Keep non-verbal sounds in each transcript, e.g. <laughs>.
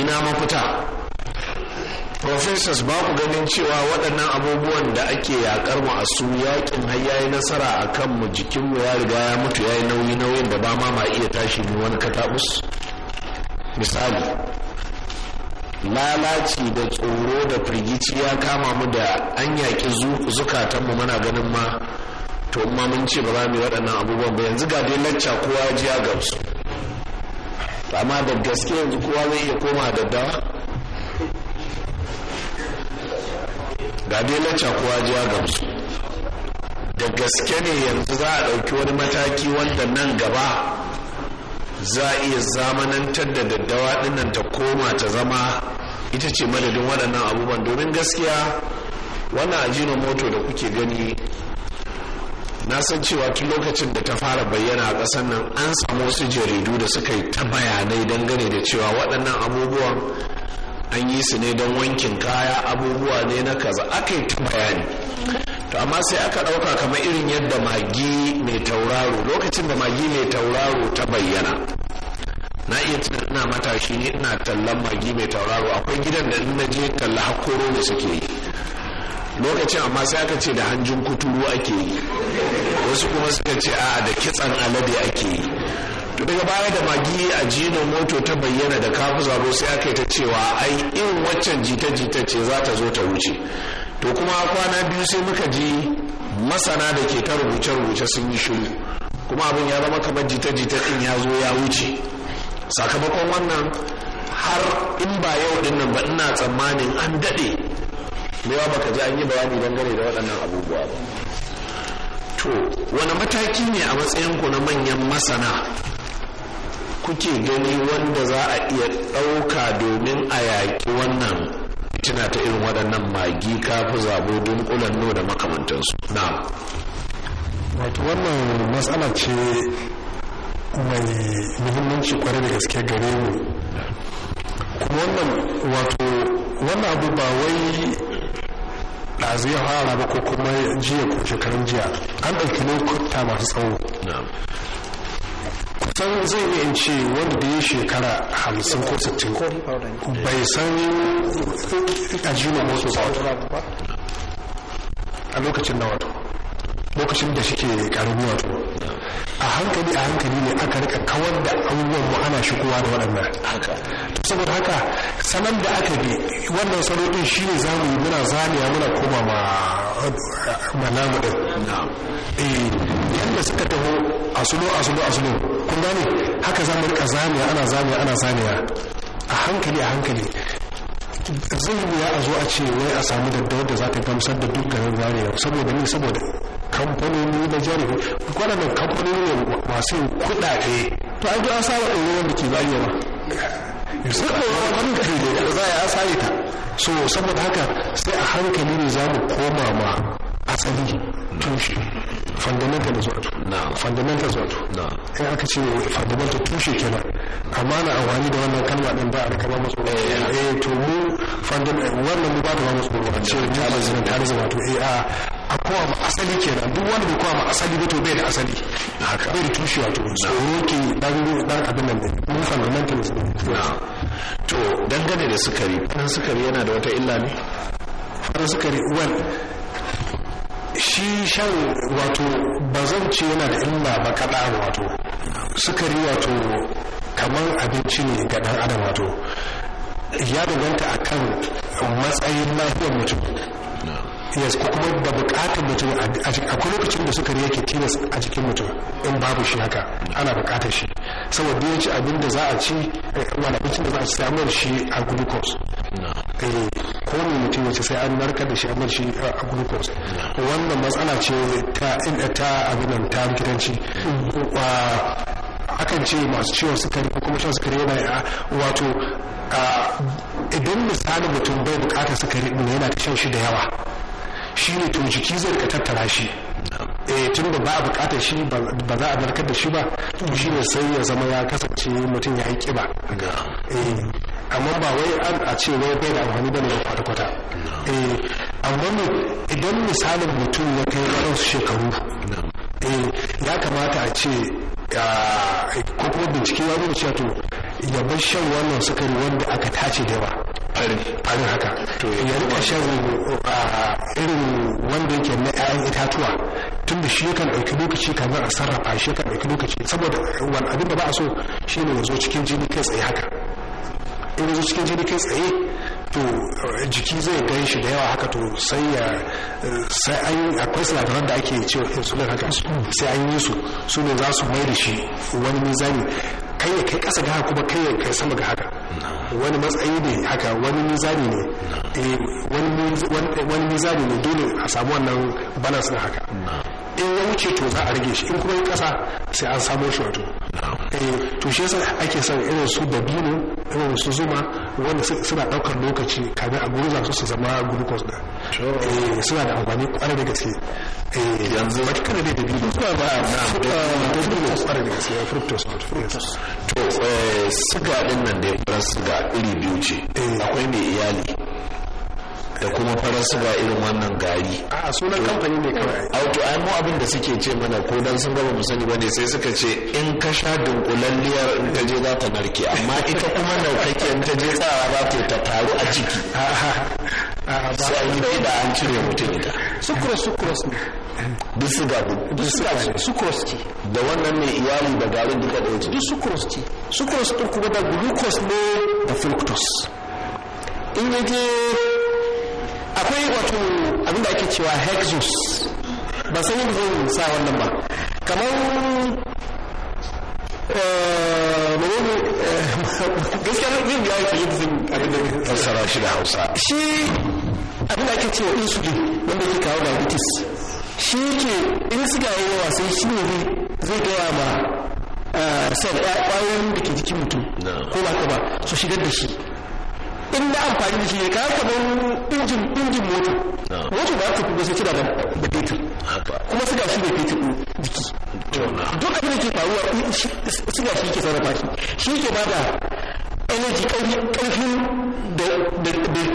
ina mafita professors ba ku ganin cewa waɗannan abubuwan da ake yaƙar mu a su yaƙin har yayi nasara a kan mu jikinmu ya riga ya mutu ya yi nauyi nauyin da ba ma ma iya tashi mu wani katabus misali lalaci da tsoro da firgici ya kama mu da an yaƙi zukatanmu mana ganin ma to ma mun ce ba za mu yi waɗannan abubuwan ba yanzu ga dai lacca kowa ya ji ya gamsu to amma da gaske yanzu kowa zai iya koma daddawa ga dai lacca kowa ji ya gamsu da gaske ne yanzu za a ɗauki wani mataki wanda nan gaba za a iya zamanantar da daddawa ɗinnan ta koma ta zama ita ce madadin waɗannan abubuwan domin gaskiya wannan ajino moto da kuke gani na san cewa tun lokacin da ta fara bayyana a ƙasar nan an samu wasu jaridu da suka yi ta bayanai dangane da cewa waɗannan abubuwan an yi su ne don wankin kaya abubuwa ne na kaza aka yi ta bayani to amma sai aka ɗauka kamar irin yadda magi mai tauraro lokacin da magi mai tauraro ta bayyana na iya tunanin ina matashi ne ina tallan magi mai tauraro akwai gidan da na je talla hakoro ne suke yi lokacin amma sai aka ce da hanjin kuturu ake yi wasu kuma suka ce a da kitsan alade ake yi to daga baya da magi a jino moto ta bayyana da kafu zabo sai aka yi ta cewa ai irin waccan jita-jita ce za ta zo ta wuce to kuma kwana biyu sai muka ji masana da ke ta rubuce-rubuce sun yi shiru kuma abin ya zama kamar jita-jita din ya zo ya wuce sakamakon wannan har in ba yau din nan ba ina tsammanin an daɗe mewa baka ji an yi bayani dangane da waɗannan abubuwa ba to wani mataki ne a matsayinku na manyan masana kuke gani wanda za a iya ɗauka domin a yaƙi wannan tuna ta irin waɗannan magi kafi zabo don ƙulanno da makamantansu na wato wannan matsala ce mai muhimmanci kwarai da gaske gare mu kuma wannan wato wannan abu ba wai ɗazu ya fara ba ko kuma jiya ko shekarun jiya an ɗauki lokuta masu tsawo kusan zai iya in ce wanda da ya shekara hamsin ko sittin bai san ajiyar motsa ba a lokacin na wato lokacin da shi ke karami wato a hankali a hankali ne aka rika kawar da abubuwan mu ana shigowa da waɗannan haka saboda haka sanan da aka bi wannan salo ne za mu yi muna zaniya muna koma ma malamu ɗin eh, yadda suka taho asulo asulo asulo kun gane haka mu rika zaniya ana zaniya ana zaniya a hankali a hankali zai ya a zo a ce wai a samu daddawar da za ta gamsar da dukkanin zaniya saboda ni saboda kamfanoni na jari waɗannan kamfanoni ne masu kuɗaɗe to ai an saba ɗaya wanda ke bayyana ba sai ɗaya wani kare ne da za a yi an sare ta so saboda haka sai a hankali ne za mu koma ma asali tushe fundamental na fundamental na kai aka ce fundamental tushe kenan amma na amfani da wannan kalma din ba a da kama masu eh, eh to mu fundamental wannan mu ba da masu tsoro a ce ta da zama da zama to eh a kowa ma asali kenan duk wanda bai kowa ma asali ba to bai da asali haka bai da tushe wato tsoro ke dan dan abin nan ne mun fundamentalism to dangane da sukari dan sukari yana da wata illa ne farin sukari well shi shan wato ba zan ce yana da illa ba kaɗan wato sukari wato kamar abinci ne ga ɗan adam wato ya doganta akan matsayin lafiyar mutum yes ko kuma da bukatar mutum akwai lokacin da sukari yake tilas a jikin mutum in babu shi haka ana bukatar shi saboda ya ci abin da za a ci eh, wani abincin da za a ci samar shi a glucose eh, ko ne mutum ya sai an narka da shi amar shi eh, a glucose wannan matsala ce ta ta abin nan ta rikitanci mm. akan ce masu ciwon sukari ko kuma shan sukari yana wato idan misali mutum bai bukatar sukari ɗin yana ta shan shi da yawa Shi ne to jiki zai rika tattara shi eh tun da ba a bukatar shi ba za a barkar da shi ba shi ne sai ya zama ya kasance mutum ya yi kiba eh, amma ba wai an a ce wai bai da amfani bane da kwata-kwata eh, amma idan misalin mutum ya kai waɗansu shekaru eh, ya kamata a ce ko kuma bincike ya nuna cewa to ya bar shan wannan sukari wanda aka tace da yawa farin farin haka to ya rika shan ah, irin wanda yake na ƴaƴan itatuwa tun da shi kan ɗauki lokaci kamar a sarrafa shi kan ɗauki lokaci saboda wani abin da ba a so shi ne zo cikin jini kai tsaye haka in zo cikin jini kai tsaye to eh, jiki zai gan shi da yawa haka to sai ya eh, sai an akwai sinadaran da ake cewa insulin haka sai an yi su su ne za su mai da shi wani mizani kai ya kai kasa ga haka kuma kai ya kai sama ga haka wani matsayi ne haka wani mizani ne eh, wani mizani ne dole a samu wannan balance na haka in ya wuce to za a rage shi in kuma yi kasa sai an samo shi wato eh, to shi yasa ake son irin su dabino irin su zuma wanda suna daukar lokaci kamar a gurza su su zama glucose da eh, suna da amfani kwarai da gaske yanzu wata kana da dabino ba ba to eh, siga din nan da ya fara siga iri biyu ce eh. akwai mai iyali da kuma fara siga irin wannan gari a sunan kamfani ne kawai to ai mu abin da suke ce mana ko dan sun gaba mu sani bane sai suka ce in ka sha dunkulalliyar in ka je za ta narke amma ita kuma naukake in ta je tsara za ta ta taru a ciki sai an yi da an cire mutum ita sukuros sukuros ne duk suga duk da wannan ne iyali da garin duka da waje duk sucrose ce kuma da glucose ne da fructose in akwai wato abin da ake cewa hexos ba san yadda zan sa wannan ba kamar eh, eh, <laughs> gaskiya biya yadda abin da fassara shi da hausa shi abin da ake cewa insulin wanda ke kawo diabetes shi ke in suka yi yawa sai shi ne zai gaya ma eh, sai ƙwayoyin da ke jikin mutum ko ba ka ba su shigar da shi in na amfani da shi ne kayan kamar injin injin mota mota ba ta kuma sai tana da fetur kuma suga shi da fetur ɗin jiki duk abin da ke faruwa suga shi ke sarrafa shi shi ke ba da energy ƙarfin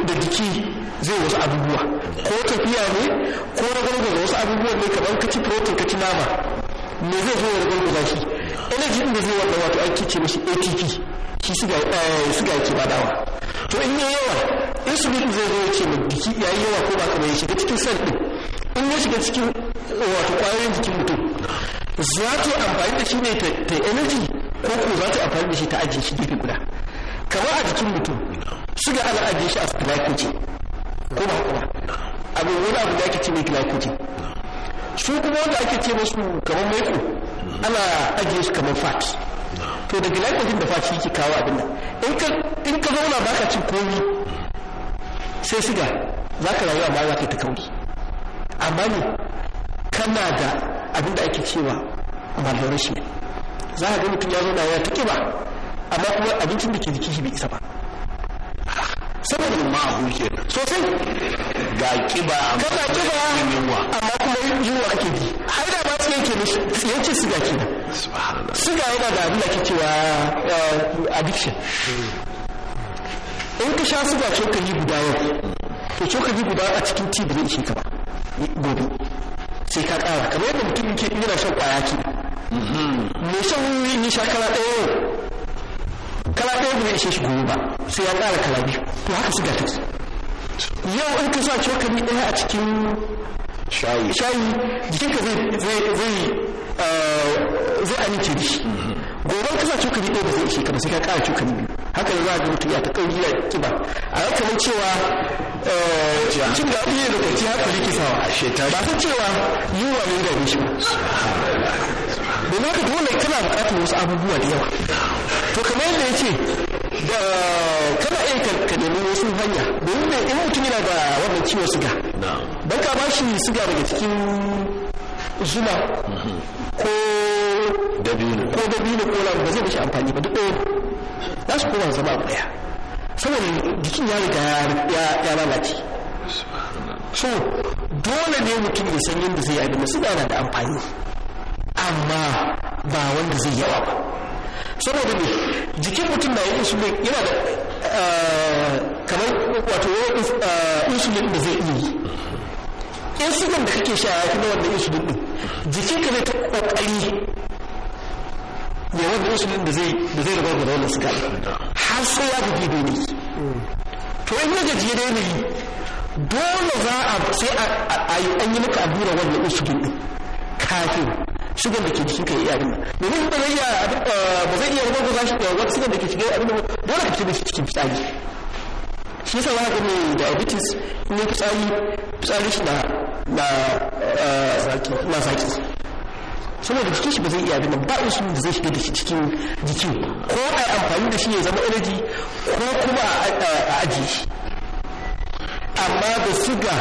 da jiki zai wasu abubuwa ko tafiya ne ko ragwargwaza wasu abubuwa ne kamar kaci protein kaci nama me zai zo ya ragwargwaza shi energy din da zai wanda wato an kice mashi atp shi suga eh, suga yake dawa to in yayi yawa insulin zai zo ya ce mai jiki yayi yawa ko ba kamar ya shiga cikin cell din in ya shiga cikin wato kwayoyin jikin mutum za ta amfani da shi ne ta energy ko ko za ta amfani da shi ta ajiye shi gefe guda kamar a jikin mutum suga ana ajiye shi a ce. ko ba haka ba wani abu da ake ce mai kilakuki su kuma wanda ake ce musu kamar maiko ana ajiye su kamar fat to da gilakokin da faci yake kawo abin nan in ka zauna baka cin komi sai siga za ka rayu ba za ka ta kauri amma ne kana da abin da ake cewa malnourishment za ka ga mutum ya zauna ya ta ƙiba amma kuma abincin da ke jikin shi bai isa ba saboda ma huke sosai ga kiba a ga kiba amma kuma yunwa ake bi har da ba su yake ya ce siga kenan siga yana da abin da ke cewa eh, addiction in ka sha siga cokali guda yau to cokali guda a cikin ti da zai ka ba gobe sai ka kara kamar yadda mutum ke yana shan kwaya ke me mm-hmm. shan wuri ni sha kala ɗaya yau kala ɗaya ba zai ishe shi gobe ba sai ya ƙara kala biyu to haka su gata yau in ka sa cokali ɗaya a cikin shayi shayi jikinka zai eh, amince da shi gobe ka sa cokali ɗaya ba zai ishe ka ba sai ka ƙara cokali biyu haka ne za a ga mutum ya ta kauri ya kiba a yau kamar cewa cin eh, da iya da kwanci haka likisawa ba ta cewa yunwa mun gani shi ba domin haka dole kana buƙatar wasu abubuwa da yawa to kamar yadda ya ce da kana iya ka nemi wasu hanya domin in mutum yana da wannan ciwon siga don ka ba shi siga daga cikin zuma mhm. ko dabino ko dabino ko lamu ba zai bashi amfani ba duk ɗaya za su koma zama a ɗaya saboda jikin ya riga ya lalace so dole ne mutum ya san yadda zai yi abin siga na da amfani amma ba wanda zai yawa ba saboda ne jikin mutum na yi insulin yana da eh, kamar wato eh, insulin da zai iya yi insulin da kake sha ya fi na wannan insulin din jikin ka zai ta kokari ne wanda insulin da zai da zai rabar da wannan suka har sai ya da daidai to in ya gaji daidai dole za a sai a yi an yi maka allura wannan insulin din kafin sugar da ke cikin kai iya abinda nan domin ba zai iya eh, ba zai iya rubar gaza shi da wata sugar da ke cikin abin ba dole ka ci da shi cikin fitsari shi yasa za ka ga mai diabetes in ya fitsari fitsari shi na na eh, na zaki saboda jikin shi ba zai iya abinda ba insulin da zai shiga da shi cikin jiki ko a amfani da shi ya zama energy ko kuma a ajiye shi amma da siga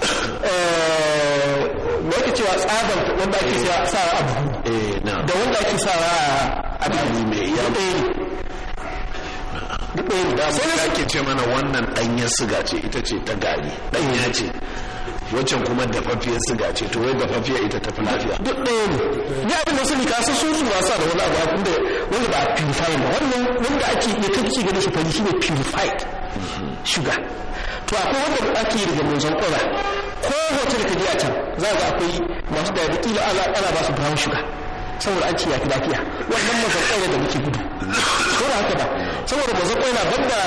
da eh, yake cewa tsabar wanda ake sa a abu eh, da wanda ake sa a abu mai yawa sai ake ce mana wannan ɗanyar siga ce ita ce ta gari ɗanya ce waccan kuma dafaffiyar siga ce to wai dafaffiyar ita tafi lafiya duk ɗaya ne ni abin da sani ka san su wasa da wani abu abin da wanda ba purified ba wannan wanda ake ne kake gani shi fari ne purified sugar to akwai wanda ake yi daga manzon ƙura ko hotel ka je a can za ga akwai masu da yabi kila ala ba su brown sugar saboda an ce yafi lafiya wannan manzon ƙura da muke gudu ko da haka ba saboda manzon ƙura banda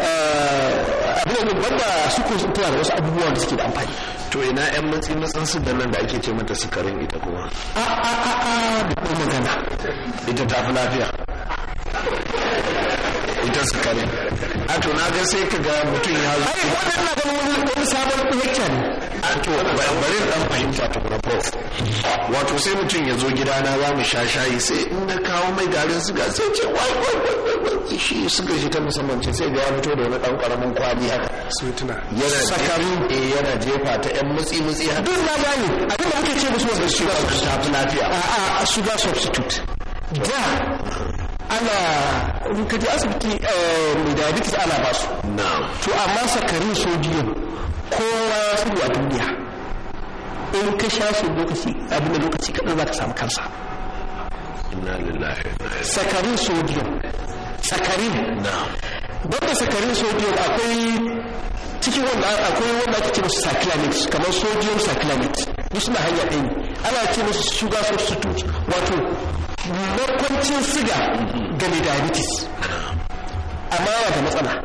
eh, abin da banda su ko tana da wasu abubuwan da suke da amfani to ina yan matsi matsan su da nan da ake ce mata sukarin ita kuma a a a a da magana ita ta fi lafiya ita su kare a to na ga sai ka ga mutum ya zo ai wannan na ganin wani sabon hikka ne a to bari dan fahimta ta kuma prof wato sai mutum ya zo gidana za mu sha shayi sai in na kawo mai garin suga sai ce wai wai shi suga shi ta musamman ce sai ga ya fito da wani dan karamin kwali haka sutuna yana sakari eh yana jefa ta yan mutsi mutsi haka duk na gane abin da aka ce musu wanda shi ba su tafi lafiya a a sugar substitute da ana in asibiti eh, mai diabetes ana ba su to amma sakarin sodium kowa ya sani a duniya in ka sha su lokaci abin da lokaci kaɗan za ka samu kansa sakarin sodium sakarin banda sakarin sodium akwai cikin wanda akwai wanda ake ce musu saccharate kamar sodium saccharate duk suna hanya ɗaya ana ce musu sugar substitute wato makwancin siga ga diabetes amma ba da matsala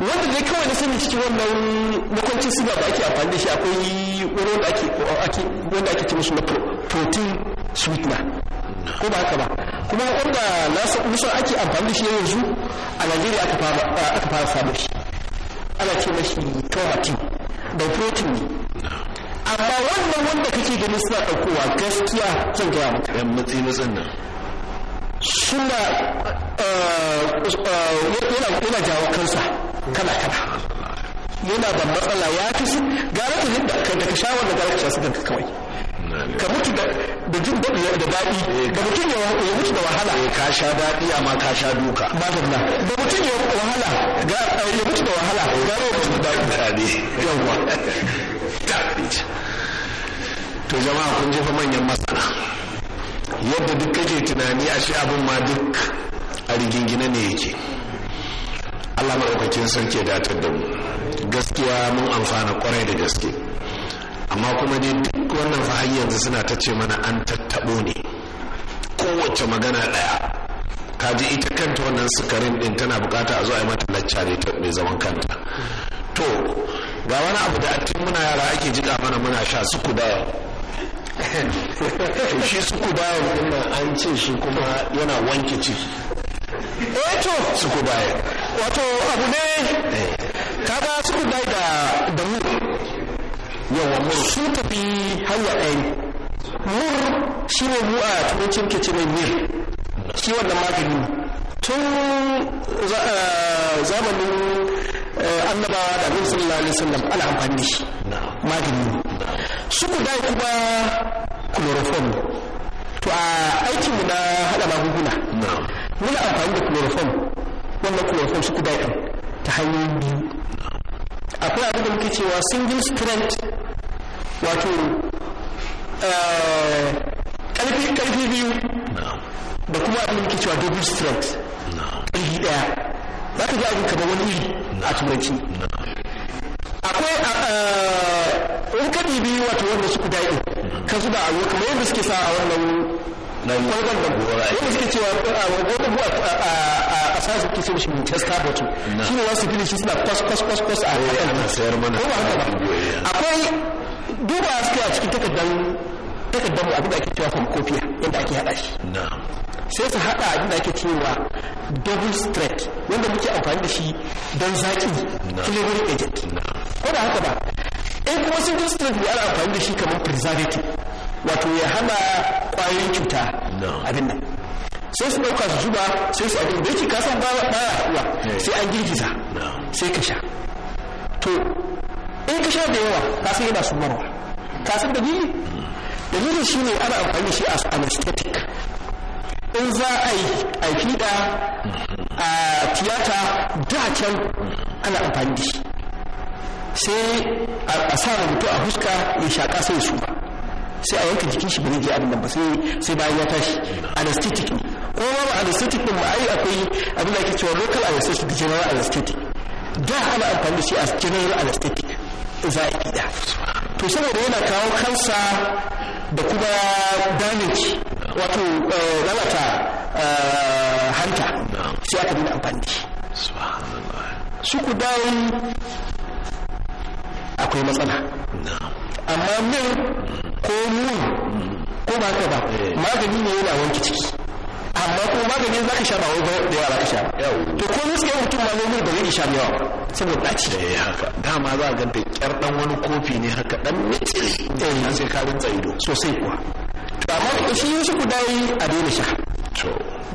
wanda dai kawai na sani cikin wannan makwancin siga ba ake amfani da shi akwai wani wanda ake wanda ake ce musu na protein sweetener ko ba haka ba kuma wanda nasa ake amfani da shi yanzu a Najeriya aka fara samun shi ana ce mashi tomatin da protein ne amma wannan wanda kake ganin suna ɗaukowa gaskiya zan gaya maka yan matsi zan nan suna eh, eh, yana jawo kansa kana kana yana da matsala ya fi su gara ta yadda da ka sha wanda gara ta sha su ganka kawai ka mutu da jin daɗi da daɗi eh, da mutum ya mutu da wahala ka sha daɗi amma ka sha duka madalla da mutum ya wahala ya mutu da wahala ga ya mutu da daɗi yawwa <laughs> to jama'a kun jefa manyan masana yadda duk kake tunani a shi abin ma duk a rigingine ne yake allah maɗaukacin sarki da datar da mu gaskiya mun amfana kwarai da gaske amma kuma ne duk wannan fahayi yanzu suna ta ce mana an tattaɓo ne kowace magana ɗaya ka ji ita kanta wannan sukarin ɗin tana bukata a zo a yi mata lacca ne mai zaman kanta to ga wani abu da tun muna yara ake jiga mana muna sha su kudawa to shi su kudawa din an ce shi kuma yana wanke ciki eh to su kudawa wato abu ne eh. kaga su kudawa da da mu yawa mu su tafi hanya ɗaya mur shi ne mu a turancin ke ce mai mir shi wannan maganin tun eh, zamanin Eh, annabawa da abin sallallahu alaihi wasallam ana amfani da shi magani su ku dai kuma chloroform to a aikinmu na hada magunguna muna amfani da chloroform wannan chloroform su ku dai ta hanyoyin biyu akwai abin da muke cewa single strength wato karfi eh, biyu da kuma abin da muke cewa double strength ƙarfi ɗaya za ta ji abin kamar wani iri a turanci akwai in ka dibi wato wanda suku daɗi ka zuba a ruwa kamar yadda suke sa a wannan kwalban da gora yadda suke cewa gwamnan buwa a sasu ke sai shi manchester bottle shi ne wasu fili shi suna kwas kwas kwas kwas a kan sayar mana ko ba haka ba akwai duba suke a cikin takardar takardar mu abin da ake cewa from kofiya yadda ake haɗa shi sai su haɗa abin da ake cewa double straight wanda muke amfani da shi don zaƙi flavor agent ko da haka ba in kuma single straight ne ana amfani da shi kamar preservative wato ya hana ƙwayoyin cuta abin nan sai su ɗauka su zuba sai su abin da yake kasan ba ya haɗuwa eh. sai an girgiza sai ka sha to in ka sha da yawa ka san yana sumarwa ka san dalili hmm. dalilin shi ne ana amfani da shi as anesthetic in za a yi a fiɗa a tiyata da can ana amfani da shi sai a sa rubutu a fuska ya shaƙa sai su ba sai a yanka jikin shi ba zai abin nan ba sai bayan ya tashi anesthetic ne ko ma anesthetic din ma ai akwai abin da ake cewa local anesthetic da general anesthetic da ana amfani da shi a general anesthetic za a fiɗa to saboda yana kawo kansa da kuma damage wato eh, lalata eh, hanta sai aka nuna amfani da shi su ku dawo akwai matsala amma min ko mun ko ba ka ba eh. magani ne yana wanke ciki amma ko magani za ka sha ba wani da yawa ka sha to ko ne sai mutum ma ne da zai sha yawa saboda daci eh haka dama za a ganta kyar dan wani kofi ne haka dan mitsiri eh sai ka rinsa ido sosai kuwa to amma shi Yusuf dai a daina sha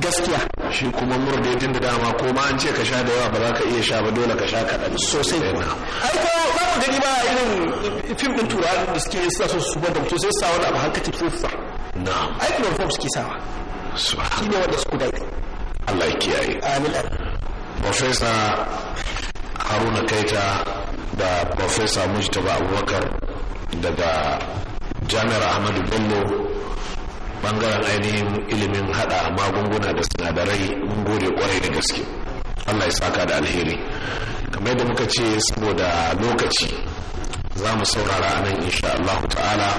gaskiya shi kuma murde din da dama ko ma an ce ka sha da yawa ba za ka iya sha ba dole ka sha kaɗan sosai ai ko ba mu gani ba irin fim din turawa da suke suna so su bada mutum sai su sa wani abu har kake fufa na'am ai chloroform suke sawa shi ne wanda suku dai Allah ya kiyaye amin professor Haruna Kaita da professor Mujtaba Abubakar daga Jami'ar Ahmadu Bello bangaren ainihin ilimin hada magunguna da sinadarai mun gode kwarai da gaske allah ya saka da alheri kamar yadda muka ce saboda lokaci za mu saurara a nan insha allahu ta'ala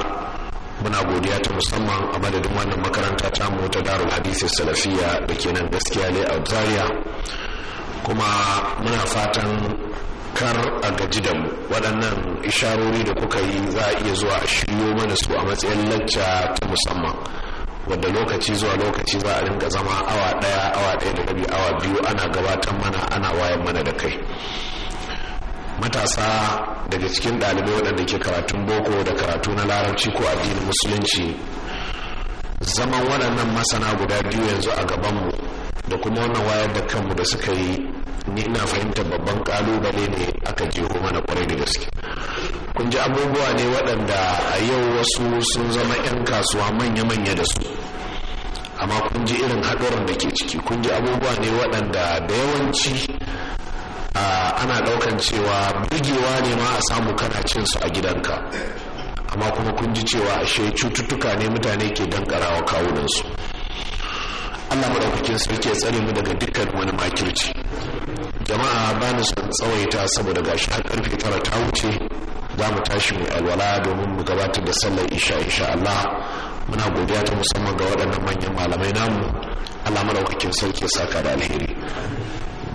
muna godiya ta musamman a madadin wannan makaranta ta mu ta darul hadisi salafiya da ke nan gaskiya ne a zaria kuma muna fatan kar a gaji da mu waɗannan isharori da kuka yi za a iya zuwa a shiryo mana su a matsayin lacca ta musamman wanda lokaci zuwa lokaci za a rinka zama awa daya awa daya da rabi awa biyu ana gabatar mana ana wayan mana da kai matasa daga cikin ɗalibai waɗanda ke karatun boko da karatu na larabci ko addinin musulunci zaman waɗannan masana guda biyu yanzu a gabanmu da kuma wannan wayar da kanmu da suka yi ni ina fahimtar babban kalubale ne aka je kuma na kwarai da gaske kun ji abubuwa ne waɗanda a yau wasu sun zama 'yan kasuwa manya-manya da su amma kun ji irin haɗuran da ke ciki kun ji abubuwa ne waɗanda da yawanci ana ɗaukan cewa burgewa ne ma a samu kana cin su a gidanka amma kuma kun ji cewa ashe cututtuka ne mutane ke dankarawa kawunansu allah maɗaukakin sarki ya tsare mu daga dukkan wani makirci jama'a ba ni son tsawaita saboda gashi har karfe tara ta wuce za mu tashi mu alwala domin mu gabatar da sallar isha insha allah muna godiya ta musamman ga waɗannan manyan malamai namu alamar aukakin sarki saka da alheri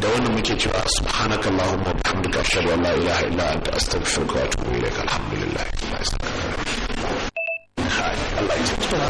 da wannan muke cewa subhanaka allahumma bihamdika ashhadu an la ilaha illa anta astaghfiruka wa atubu ilaik alhamdulillah